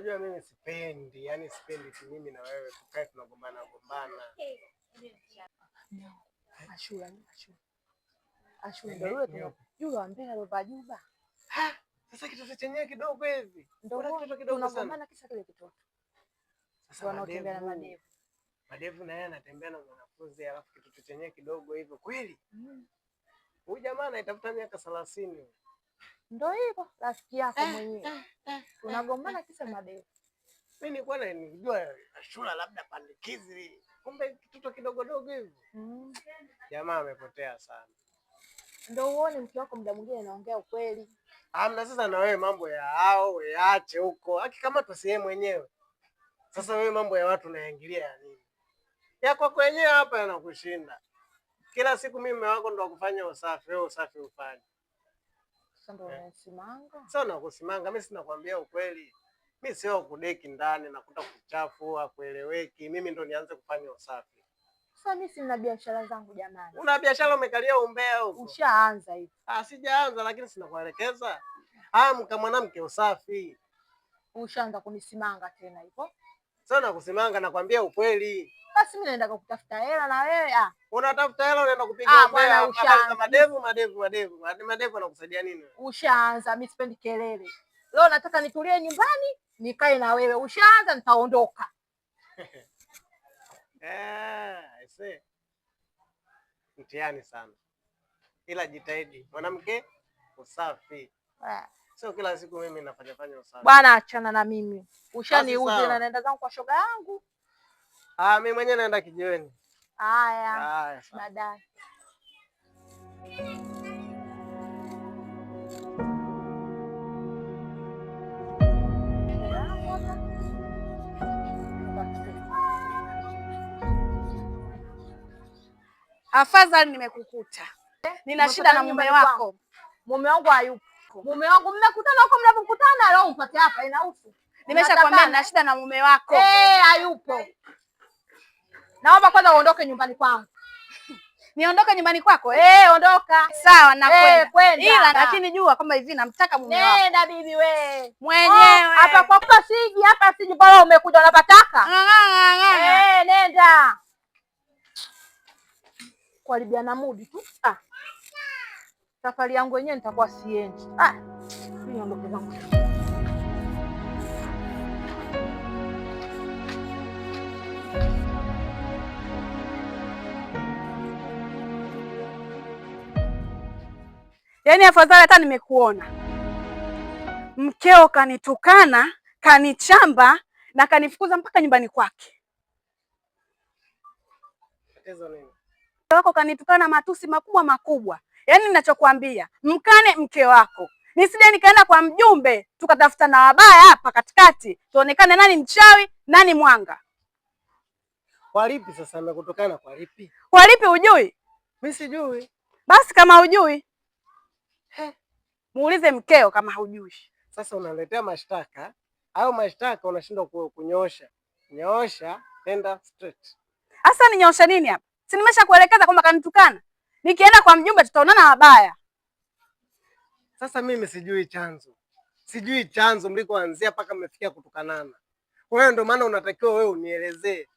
Unajua mimi sipendi, yani sipendi tu mimi na wewe tukae tunagombana gombana. Ashura Ashura. juba. sasa kitoto chenyewe kidogo hivi. Ndio kisa kile kitoto. Sasa wanaotembea na madevu. Madevu anatembea na mwanafunzi alafu kitoto chenyewe kidogo hivyo kweli? Mm. Huyu jamaa anaitafuta miaka thelathini ndo hivyo rafiki yako eh, mwenyewe eh, eh, unagombana kisa madeni. Mimi nilikuwa najua Ashura labda pandikizi, kumbe kitoto kidogodogo hivi. Mm. Jamaa mm. amepotea sana. ndo uone mke wako muda mwingine anaongea ukweli. Amna sasa, na wewe mambo ya hao yaache huko, akikamatwa sehemu mwenyewe. Sasa wewe mambo ya watu unayaingilia ya nini? Ya kwa kwenyewe hapa yanakushinda. Kila siku mimi mume wako ndo akufanya usafi, wewe usafi ufanye Eh. Sasa na kusimanga, mimi sina kuambia ukweli, mimi sio kudeki ndani, nakuta kuchafu, hakueleweki. Mimi ndo nianze kufanya usafi. Sasa mimi sina biashara zangu jamani. Una biashara umekalia umbea huko. Ushaanza hivi. Ah, sijaanza lakini sina kuelekeza. Amka ah, mwanamke, usafi. Ushaanza kunisimanga tena hivyo. Sasa nakusemanga, nakwambia ukweli. Basi mimi naenda kukutafuta hela na wewe ah. Unatafuta hela unaenda kupiga ah, mbea. Ah, madevu madevu madevu. Hadi madevu anakusaidia nini? Ushaanza, mimi sipendi kelele. Leo nataka nitulie nyumbani, nikae na wewe. Ushaanza nitaondoka. Eh, ise. Mtihani sana. Ila jitahidi. Mwanamke usafi. Ah. Sio kila siku mimi nafanya fanya usafi. Bwana achana na mimi. Ushaniuze na naenda zangu kwa shoga yangu. Ah, mimi mwenyewe naenda kijiweni. Haya. Baadaye. Afadhali nimekukuta. Nina shida na mume wako. Mume wangu hayupo. Mume wangu mmekutana huko mnapokutana, leo upate hapa inahusu. Nimeshakwambia nina shida na mume wako. Eh, hayupo. Naomba kwanza uondoke nyumbani kwangu. Niondoke nyumbani kwako? Eh, ondoka. Sawa, eh, na kwenda. Ila lakini jua kwamba hivi namtaka mume eh, wangu. Nenda bibi we. Mwenyewe. Oh, hapa kwa kwa siji, hapa siji bora umekuja unapataka. Eh, nenda. Kuharibia na mudi tu. Ah safari yangu yenyewe nitakuwa siendi. Ah, zangu. Yaani afadhali hata nimekuona mkeo kanitukana, kanichamba na kanifukuza mpaka nyumbani kwake. Tatizo nini? Wako kanitukana matusi makubwa makubwa Yaani ninachokuambia mkane mke wako, nisije nikaenda kwa mjumbe tukatafuta na wabaya hapa katikati, tuonekane nani mchawi nani mwanga. Kwa lipi sasa? amekutokana? kwa lipi? Kwa lipi hujui? Mimi sijui. Basi kama hujui muulize mkeo kama hujui. Sasa unaletea mashtaka au mashtaka unashindwa kunyosha. Nyosha, enda straight. Sasa ninyosha nini hapa? Si kuelekeza kwamba kanitukana. Nikienda kwa mjumbe tutaonana wabaya. Sasa mimi sijui chanzo, sijui chanzo mlikoanzia mpaka mmefikia kutukanana. Kwa hiyo ndio maana unatakiwa wewe unielezee.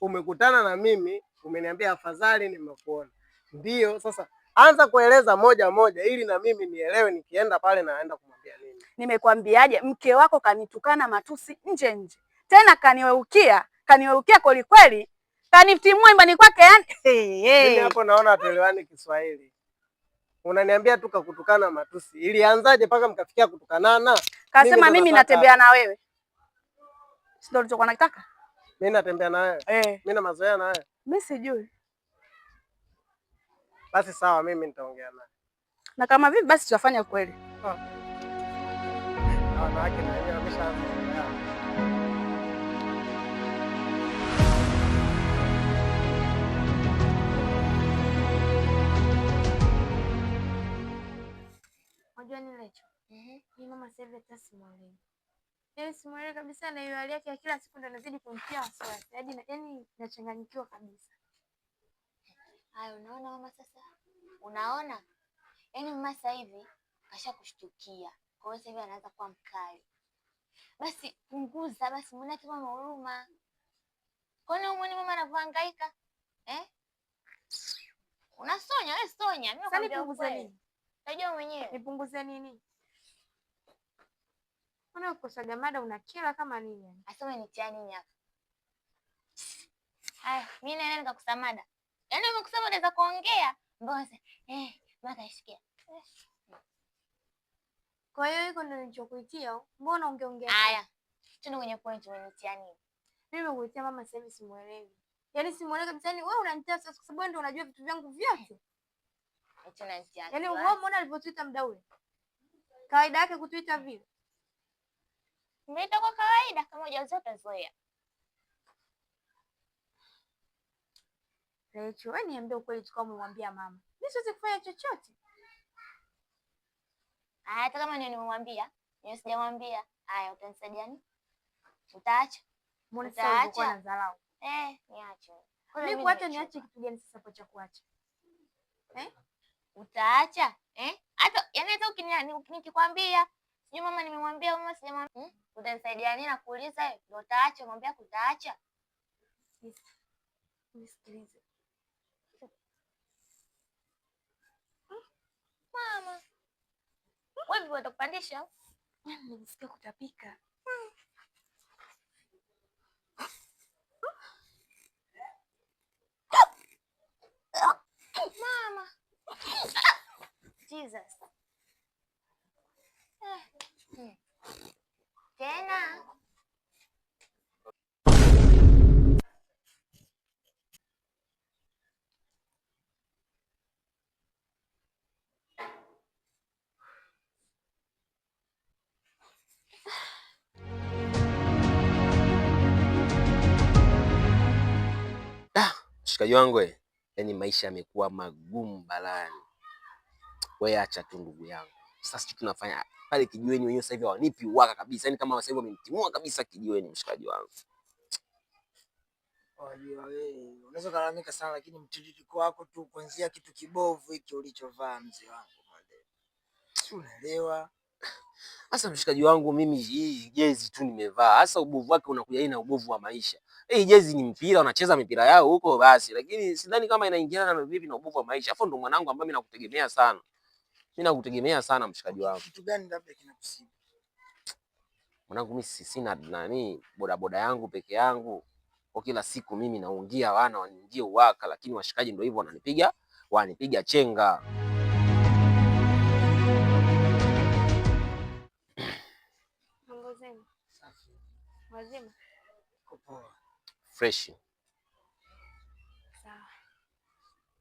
Umekutana na mimi, umeniambia afadhali, nimekuona. ndio sasa anza kueleza moja moja ili na mimi nielewe, nikienda pale naenda kumwambia nini. Nimekwambiaje? Mke wako kanitukana matusi nje nje, tena kaniweukia, kaniweukia kweli kweli kaniftimua nyumbani kwake yani. Mimi hapo naona hatuelewani Kiswahili. Unaniambia tu kakutukana matusi. Ilianzaje mpaka mkafikia kutukanana? Kasema mimi natembea na wewe. Si ndio ulichokuwa unataka? Mimi natembea na wewe. Eh. Mimi na mazoea na wewe. Mimi sijui. Basi sawa, mimi nitaongea naye. Na kama vipi basi tutafanya kweli. Oh. Ah. Na wanawake na sasa hivi hata simuelewi. Yaani simuelewi kabisa na hiyo hali yake ya kila siku ndio inazidi kunitia wasiwasi. Yaani yaani nachanganyikiwa kabisa. Haya, unaona mama sasa? Unaona? Yaani mama sasa hivi kashakushtukia. Kwa hiyo sasa hivi anaanza kuwa mkali. Basi punguza basi, mbona kama huruma. nini umeona mama anavyohangaika? Eh? Unasonya wewe sonya. Mimi nakwambia ukweli. Unajua mwenyewe. Nipunguze nini? Mbona ukosaga mada unakila kama nini Asema ni tia nini hapa? Haya, mimi naenda nikakusa mada. Yaani umekusa mada za kuongea, mbona eh maka isikia. Kwa hiyo iko ndio nilichokuitia. Mbona ungeongea? Haya. Twende kwenye point umenitia nini? Mimi nimekuitia mama sasa simuelewi. Yaani simuelewi kabisa yani wewe unanitia sasa kwa sababu ndio unajua vitu vyangu vyote. Acha na nitiani. Yaani wewe umeona alipotuita mda ule. Kawaida yake kutuita vile. Mlita kwa kawaida kama ujauzito utazoea. Rechu, wewe niambie ukweli tukao umemwambia mama. Mimi siwezi kufanya chochote. Aya, hata kama niwe nimemwambia, niwe sijamwambia. Aya, utanisaidiani? Utaacha. Mbona sasa uko na dharau? Eh, niache. Mimi kuacha niache kitu gani sasa kwa cha kuacha? Eh? Utaacha? Eh? Hata yani hata ukinikwambia, sijui mama nimemwambia, mama sijamwambia. Utanisaidia nini? Nakuuliza hiyo. Ndio utaacha? Mwambia kutaacha. Nisikilize mama, wewe watakupandisha. Nimesikia kutapika. Mama Jesus. Mshikaji wangu eh, yani maisha yamekuwa magumu balani, Wewe acha tu ndugu yangu. Sasa sisi tunafanya pale kijiweni, wenyewe sasa hivi hawanipi uwaka kabisa, yani kama sasa hivi wamenitimua kabisa kijiweni, mshikaji wangu. Wajua wewe unaweza kulalamika sana, lakini mtiririko wako tu kuanzia kitu kibovu hiki ulichovaa, mzee wangu, si unaelewa? Hasa mshikaji wangu, mimi hii jezi tu nimevaa, hasa ubovu wake unakuja ina ubovu wa maisha hey, jezi ni mpira, wanacheza mipira yao huko basi, lakini sidhani kama inaingiana na vipi na ubovu wa maisha. Afu ndo mwanangu ambaye mimi nakutegemea sana, mimi nakutegemea sana mshikaji wangu. Kitu gani labda kinakusibu mwanangu? Mimi sina nani, bodaboda yangu peke yangu kwa kila siku mimi naungia wana waniingie uwaka, lakini washikaji ndio hivyo wananipiga wanipiga chenga freshi. Sawa.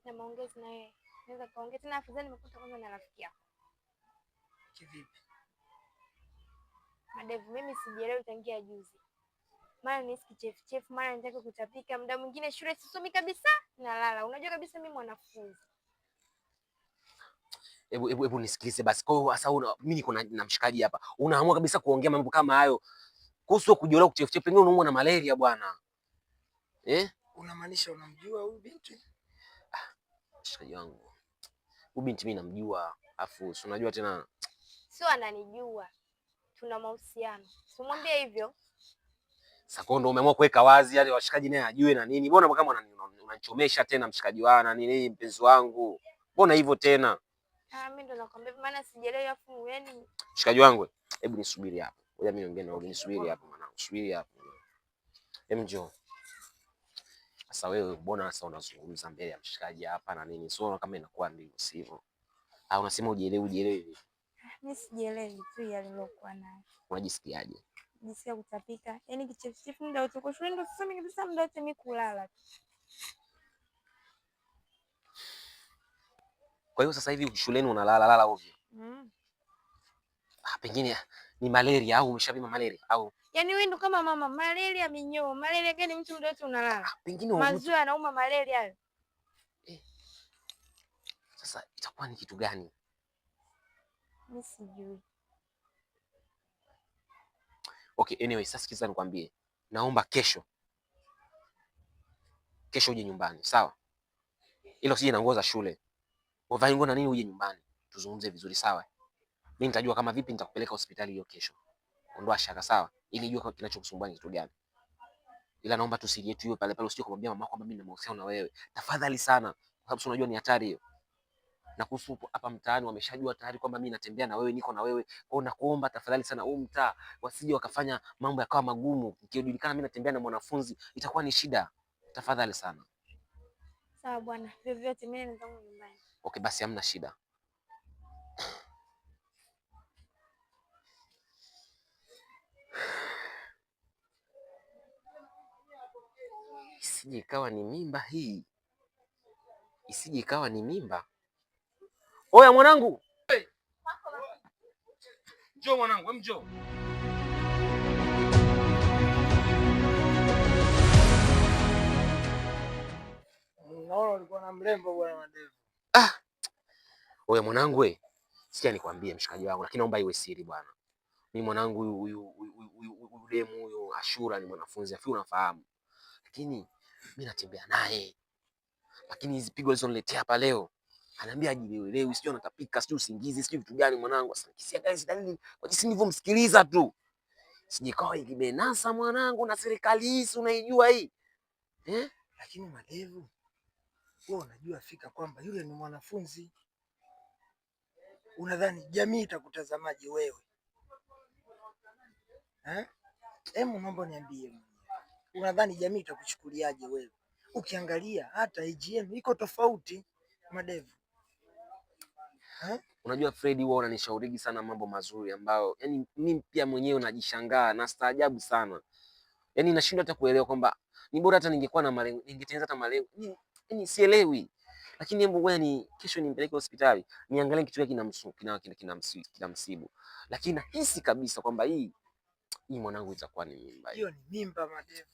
Na maongezi na yeye. Naweza kaongea tena afadhali nimekuta kwanza na rafiki yako. Kivipi? Madevu mimi sijielewi tangia juzi. Mara nisiki chef chef, mara nitaka kutapika, muda mwingine shule sisomi kabisa, nalala. Unajua kabisa mimi mwanafunzi. Hebu hebu hebu nisikilize basi. Kwa hiyo sasa mimi niko na mshikaji hapa. Unaamua kabisa kuongea mambo kama hayo. Kuhusu kujiolea kuchef chef, pengine unaumwa na malaria bwana. Eh? Unamaanisha unamjua huyu binti? Ah, shikaji wangu. Huyu binti mimi namjua. Afu si unajua tena. Sio ananijua. Tuna mahusiano. Simwambie hivyo. Sasa ndo umeamua kuweka wazi yale washikaji naye ajue na nini. Mbona kama unanichomesha tena mshikaji wangu na nini mpenzi wangu? Mbona hivyo tena? Ah, mimi ndo nakwambia maana sijaelewi afu yani. Mshikaji wangu, hebu nisubiri hapo. Ngoja mimi niongee na wewe, nisubiri hapo mwanangu. Subiri hapo. Hem, njoo. Sasa wewe mbona sasa unazungumza mbele ya mshikaji hapa na nini? Sio kama inakuwa ndivyo sivyo. Au ah, unasema ujielewi ujielewi hivi. Mimi sijielewi tu yale nilokuwa nayo. Unajisikiaje? Najisikia kutapika. Yaani kichefuchefu muda wote. Kwa shule ndio sasa mimi kabisa muda wote mimi kulala. Kwa hiyo sasa hivi shuleni unalala lala ovyo. Mm. Ah, pengine ni malaria au umeshapima malaria au Yaani wewe ndo kama mama malaria minyoo. Malaria gani mtu mdomo tu unalala? Ah, pengine maziwa yanauma malaria hayo. Eh. Sasa itakuwa ni kitu gani? Mimi sijui. Okay, anyway, sasa sikiza nikwambie. Naomba kesho. Kesho uje nyumbani, sawa? Ila usije na nguo za shule. Uvae nguo na nini uje nyumbani. Tuzungumze vizuri, sawa? Mimi nitajua kama vipi nitakupeleka hospitali hiyo kesho ondoa shaka sawa, ili jua kinachokusumbua ni kitu gani. Ila naomba tusije tu pale pale, usije kumwambia mama kwamba mimi nina mahusiano na wewe, tafadhali sana, kwa sababu unajua ni hatari hiyo. Na kuhusu hapa mtaani wameshajua tayari kwamba mimi natembea na wewe, niko na wewe kwao. Nakuomba tafadhali sana, huu mtaa wasije wakafanya mambo yakawa magumu. Ikijulikana mimi natembea na mwanafunzi, itakuwa ni shida. Tafadhali sana. Sawa bwana, vyovyote mimi nitakuwa nyumbani. Okay, basi hamna shida. isije ikawa ni mimba hii, isije ikawa ni mimba. Oya mwanangu, njoo mwanangu, njoo Ah, oya mwanangu we, sikia nikwambie mshikaji wangu, lakini naomba iwe siri bwana. Mi mwanangu huyu huyu huyu demu huyu Ashura ni mwanafunzi afi, unafahamu lakini mimi natembea naye, lakini hizi pigo alizoniletea hapa leo anaambia ajielewelewi, sijui anatapika, sijui usingizi, sijui vitu gani. Mwanangu gani si dalili kwa jinsi nilivyomsikiliza tu, sijikawa ikibenasa mwanangu, na serikali hii unaijua hii eh? Lakini Madevu, wewe unajua fika kwamba yule ni mwanafunzi, unadhani jamii itakutazamaje wewe? eh? Hebu eh? Naomba niambie unadhani jamii itakuchukuliaje wewe? Ukiangalia hata AGM iko tofauti madevu. Ha? Unajua Fredi, huwa unanishauriji sana mambo mazuri ambayo yani mimi pia mwenyewe najishangaa na staajabu sana, yani nashindwa hata kuelewa kwamba ni bora hata ningekuwa na malengo ningetengeneza hata malengo yani sielewi, lakini hebu wewe ni kesho nimpeleke hospitali niangalie kitu msu kina kina kina kina msibu, lakini nahisi kabisa kwamba hii hii mwanangu itakuwa ni mimba. Hiyo ni mimba madevu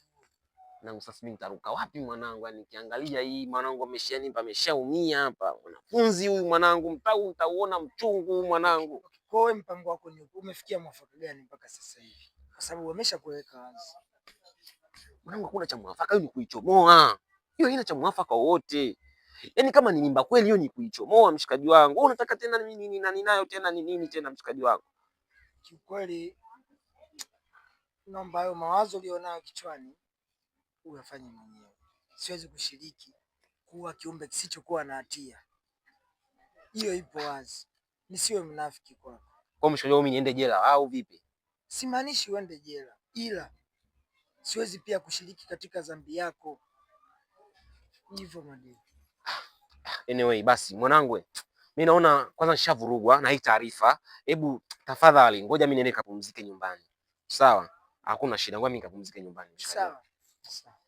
na sasa mimi nitaruka wapi mwanangu? Yani kiangalia hii mwanangu ameshanipa ameshaumia hapa. Mwanafunzi huyu mwanangu mtau utauona mchungu huyu mwanangu. Kwa hiyo mpango wako ni umefikia mwafaka gani mpaka sasa hivi? Kwa sababu ameshakuweka wazi. Mwanangu hakuna cha mwafaka, hiyo ni kuichomoa. Hiyo haina cha mwafaka wote. Yaani kama ni mimba kweli hiyo ni kuichomoa mshikaji wangu. Wewe unataka tena nini nini nani nayo tena ni nini tena mshikaji wangu? Kiukweli naomba hayo mawazo ulionayo kichwani uyafanye mwenyewe. Siwezi kushiriki kuwa kiumbe kisichokuwa na hatia, hiyo ipo wazi. Nisiwe mnafiki kwako. Kwa mshikaji wangu, mimi niende jela au vipi? Simaanishi uende jela, ila siwezi pia kushiriki katika dhambi yako, hivyo mwanangu. Anyway, basi mwanangu, mimi naona kwanza nishavurugwa na hii taarifa. Hebu tafadhali, ngoja mimi niende kapumzike nyumbani, sawa? Hakuna shida, ngoja mimi nikapumzike nyumbani. Sawa. Sawa.